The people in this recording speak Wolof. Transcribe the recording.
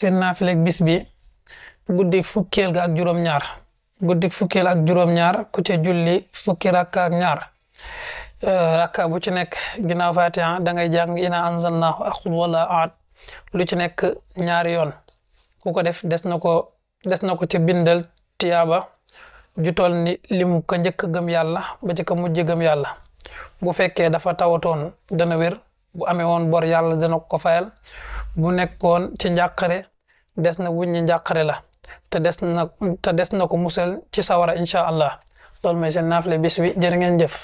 seen naafileeg bis bi guddik fukkeel ga ak juróom-ñaar guddik fukkeel ak juróom-ñaar ku ca julli fukki rakka ak ñaar euh, rakka bu ci nekk ginnaaw fatiha da ngay jàng ina anzalnaahu ak wala aat lu ci nekk ñaari yoon ku ko def des na ko des na ko ci bindal tiyaaba ju toll ni limu ka njëkk gëm yàlla ba ci ka mujj gëm yàlla bu fekkee dafa tawatoon dana wér bu amee woon bor yàlla dana ko fayal bu nekkoon ci njàqare des na wuññi njàqare la te des na te des na ko musal ci sawara incha allah loolu mooy seen naafile bis bi jërë ngeen jëf